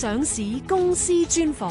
上市公司專訪。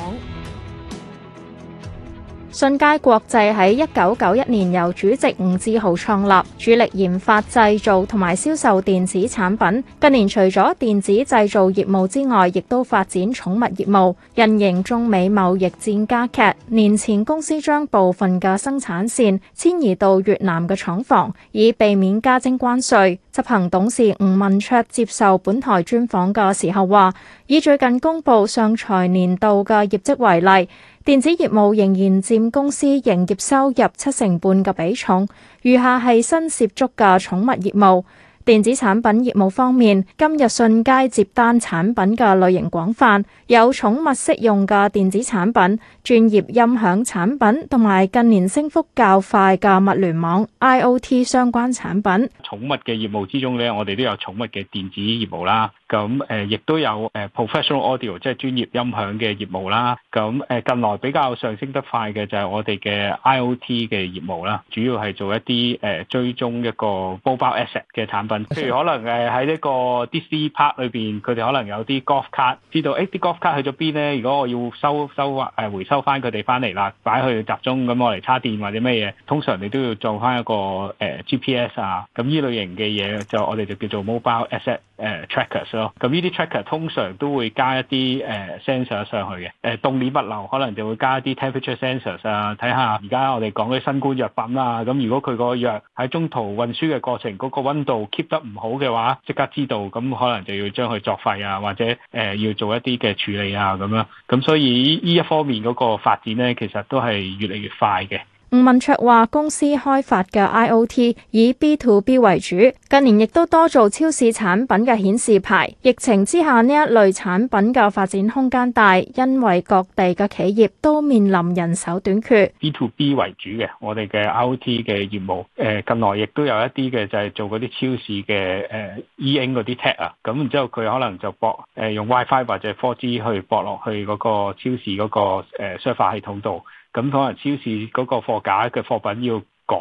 信佳國際喺一九九一年由主席吳志豪創立，主力研發、製造同埋銷售電子產品。近年除咗電子製造業務之外，亦都發展寵物業務。因應中美貿易戰加劇，年前公司將部分嘅生產線遷移到越南嘅廠房，以避免加徵關稅。執行董事吳民卓接受本台專訪嘅時候話，以最近公布上財年度嘅業績為例，電子業務仍然佔公司營業收入七成半嘅比重，餘下係新涉足嘅寵物業務。電子產品業務方面，今日信佳接單產品嘅類型廣泛，有寵物適用嘅電子產品、專業音響產品，同埋近年升幅較快嘅物聯網 IOT 相關產品。寵物嘅業務之中呢，我哋都有寵物嘅電子業務啦。咁誒，亦都有誒 professional audio 即係專業音響嘅業務啦。咁誒，近來比較上升得快嘅就係我哋嘅 IOT 嘅業務啦，主要係做一啲誒追蹤一個包包 asset 嘅產品。譬 如可能誒喺呢個 DC park 裏邊，佢哋可能有啲 golf card，知道誒啲、欸、golf card 去咗邊咧？如果我要收收或誒、啊、回收翻佢哋翻嚟啦，擺去集中咁，我嚟叉電或者咩嘢？通常你都要做翻一個誒、啊、GPS 啊，咁呢類型嘅嘢就我哋就叫做 mobile asset 誒、啊、trackers 咯。咁呢啲 tracker 通常都會加一啲誒 sensor 上去嘅，誒凍鏈物流可能就會加一啲 temperature sensors 啊，睇下而家我哋講嗰啲新冠藥品啦、啊，咁如果佢個藥喺中途運輸嘅過程嗰、那個溫度。得唔好嘅話，即刻知道，咁可能就要將佢作廢啊，或者誒、呃、要做一啲嘅處理啊，咁樣，咁所以呢一方面嗰個發展呢，其實都係越嚟越快嘅。吳民卓話：公司開發嘅 I O T 以 B to B 為主，近年亦都多做超市產品嘅顯示牌。疫情之下呢一類產品嘅發展空間大，因為各地嘅企業都面臨人手短缺。2 B to B 為主嘅，我哋嘅 I O T 嘅業務，誒，近來亦都有一啲嘅就係做嗰啲超市嘅誒，E-ink 嗰啲 tag 啊，咁然之後佢可能就駁，誒，用 WiFi 或者 Four G 去駁落去嗰個超市嗰個誒，消化系統度。咁可能超市嗰個貨架嘅貨品要改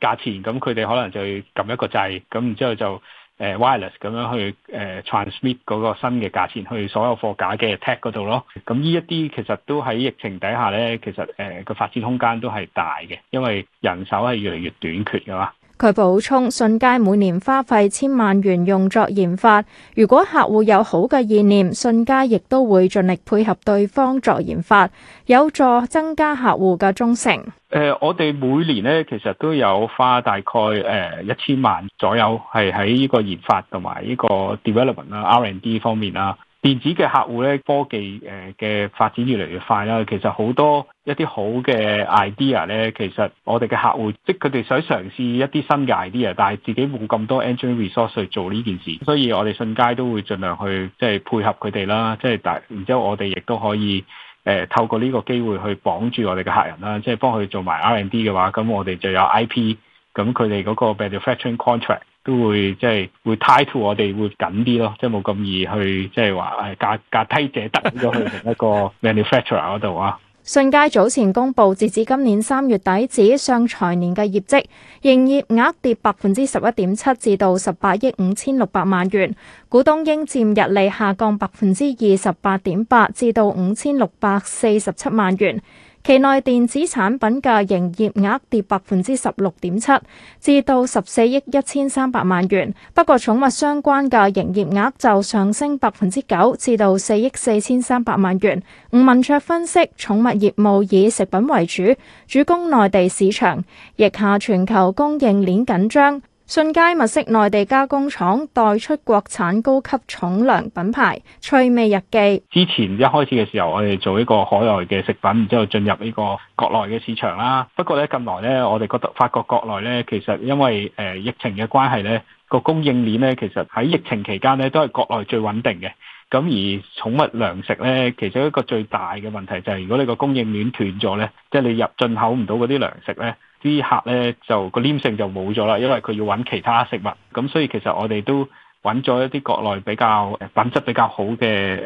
價錢，咁佢哋可能就撳一個掣，咁然之後就誒 wireless 咁樣去誒 transmit 嗰個新嘅價錢去所有貨架嘅 tag 嗰度咯。咁呢一啲其實都喺疫情底下咧，其實誒個、呃、發展空間都係大嘅，因為人手係越嚟越短缺嘅嘛。佢補充：信佳每年花費千萬元用作研發，如果客戶有好嘅意念，信佳亦都會盡力配合對方作研發，有助增加客戶嘅忠誠。誒、呃，我哋每年咧其實都有花大概誒一千萬左右，係喺呢個研發同埋呢個 development 啦、R&D 方面啦、啊。電子嘅客戶咧，科技誒嘅發展越嚟越快啦。其實好多一啲好嘅 idea 咧，其實我哋嘅客戶，即係佢哋想嘗試一啲新嘅 idea，但係自己冇咁多 engineering resource 去做呢件事，所以我哋信佳都會盡量去即係配合佢哋啦，即係大，然之後我哋亦都可以誒、呃、透過呢個機會去綁住我哋嘅客人啦，即係幫佢做埋 R&D 嘅話，咁我哋就有 IP。咁佢哋嗰個 manufacturing contract 都會即係會 tie to 我哋會緊啲咯，即係冇咁易去即係話誒架架梯借得咗去一個 manufacturer 嗰度啊。信佳早前公布，截至今年三月底止上財年嘅業績，營業額跌百分之十一點七，至到十八億五千六百萬元，股東應佔溢利下降百分之二十八點八，至到五千六百四十七萬元。期內電子產品嘅營業額跌百分之十六點七，至到十四億一千三百萬元。不過寵物相關嘅營業額就上升百分之九，至到四億四千三百萬元。吳民卓分析，寵物業務以食品為主，主攻內地市場，疫下全球供應鏈緊張。信佳物色內地加工廠代出國產高級寵糧品牌趣味日記。之前一開始嘅時候，我哋做呢個海外嘅食品，然之後進入呢個國內嘅市場啦。不過咧，近來咧，我哋覺得發覺國內咧，其實因為誒、呃、疫情嘅關係咧，個供應鏈咧，其實喺疫情期間咧，都係國內最穩定嘅。咁而寵物糧食咧，其實一個最大嘅問題就係、是，如果你個供應鏈斷咗咧，即係你入進口唔到嗰啲糧食咧。啲客咧就個黏性就冇咗啦，因為佢要揾其他食物，咁所以其實我哋都揾咗一啲國內比較品質比較好嘅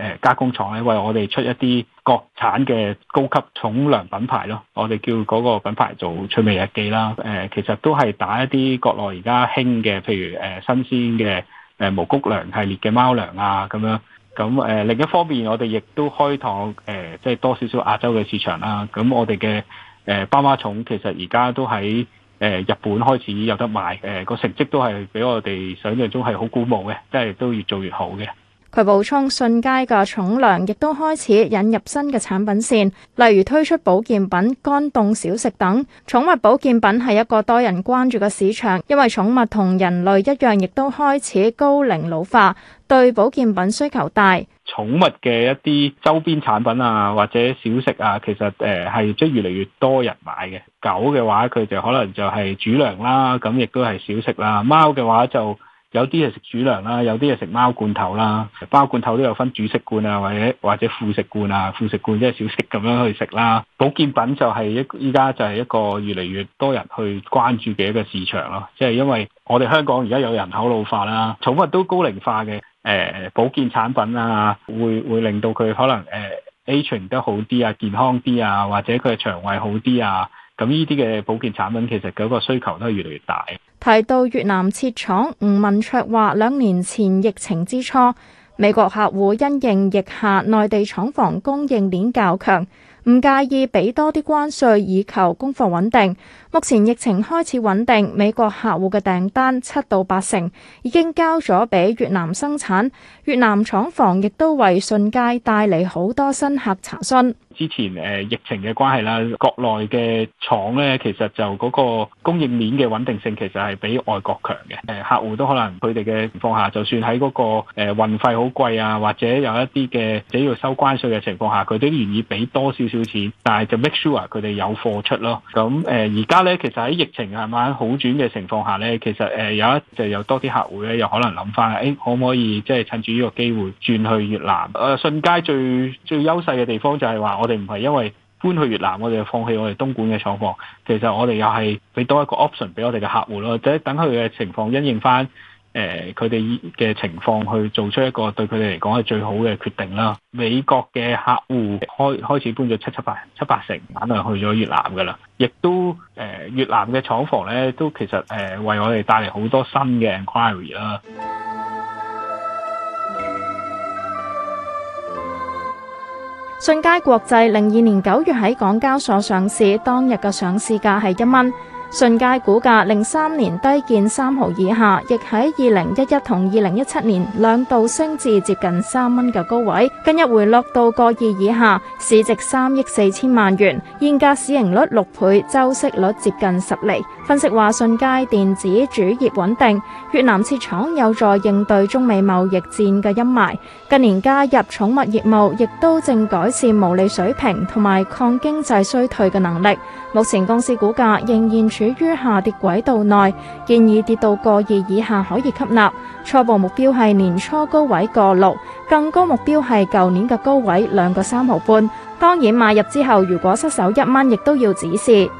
誒加工廠咧，為我哋出一啲國產嘅高級寵糧品牌咯。我哋叫嗰個品牌做趣味日記啦。誒、呃，其實都係打一啲國內而家興嘅，譬如誒、呃、新鮮嘅誒無谷糧系列嘅貓糧啊咁樣。咁誒、呃、另一方面，我哋亦都開拓誒、呃、即係多少少亞洲嘅市場啦。咁、啊、我哋嘅。誒，斑馬寵其實而家都喺誒日本開始有得賣，誒個成績都係比我哋想象中係好鼓舞嘅，即係都越做越好嘅。佢補充，信佳嘅寵糧亦都開始引入新嘅產品線，例如推出保健品、乾凍小食等。寵物保健品係一個多人關注嘅市場，因為寵物同人類一樣，亦都開始高齡老化，對保健品需求大。寵物嘅一啲周邊產品啊，或者小食啊，其實誒係即係越嚟越多人買嘅。狗嘅話，佢就可能就係主糧啦，咁亦都係小食啦。貓嘅話就有啲係食主糧啦，有啲係食貓罐頭啦。貓罐頭都有分主食罐啊，或者或者副食罐啊。副食罐即係小食咁樣去食啦。保健品就係一依家就係一個越嚟越多人去關注嘅一個市場咯。即係因為我哋香港而家有人口老化啦，寵物都高齡化嘅。誒、呃、保健產品啊，會會令到佢可能誒、呃、A 循得好啲啊，健康啲啊，或者佢嘅腸胃好啲啊，咁呢啲嘅保健產品其實嗰個需求都係越嚟越大。提到越南設廠，吳民卓話兩年前疫情之初，美國客戶因應疫下，內地廠房供應鏈較強。唔介意俾多啲關稅以求供貨穩定。目前疫情開始穩定，美國客戶嘅訂單七到八成已經交咗俾越南生產，越南廠房亦都為信佳帶嚟好多新客查詢。之前誒、呃、疫情嘅關係啦，國內嘅廠咧，其實就嗰個供應鏈嘅穩定性其實係比外國強嘅。誒、呃、客戶都可能佢哋嘅情況下，就算喺嗰、嗰個誒、呃、運費好貴啊，或者有一啲嘅只要收關稅嘅情況下，佢都願意俾多少少錢，但係就 make sure 佢哋有貨出咯。咁誒而家咧，其實喺疫情慢慢好轉嘅情況下咧，其實誒、呃、有一就有多啲客戶咧，又可能諗翻誒可唔可以即係趁住呢個機會轉去越南。誒信佳最最優勢嘅地方就係話我哋唔係因為搬去越南，我哋就放棄我哋東莞嘅廠房。其實我哋又係俾多一個 option 俾我哋嘅客戶咯，即係等佢嘅情況因應翻，誒佢哋嘅情況去做出一個對佢哋嚟講係最好嘅決定啦。美國嘅客戶開開始搬咗七七八七八成，可能去咗越南噶啦，亦都誒、呃、越南嘅廠房咧都其實誒、呃、為我哋帶嚟好多新嘅 inquiry 啦。信佳國際零二年九月喺港交所上市，當日嘅上市價係一蚊。信佳，股價零三年低見三毫以下，亦喺二零一一同二零一七年，兩度升至接近三蚊嘅高位，近日回落到個二以下，市值三億四千萬元，現價市盈率六倍，周息率接近十厘。分析話，信佳電子主業穩定，越南設廠有助應對中美貿易戰嘅陰霾，近年加入寵物業務亦都正改善毛利水平同埋抗經濟衰退嘅能力。目前公司股價仍然處於下跌軌道內，建議跌到個二以下可以吸納。初步目標係年初高位個六，更高目標係舊年嘅高位兩個三毫半。當然買入之後，如果失手一蚊，亦都要止蝕。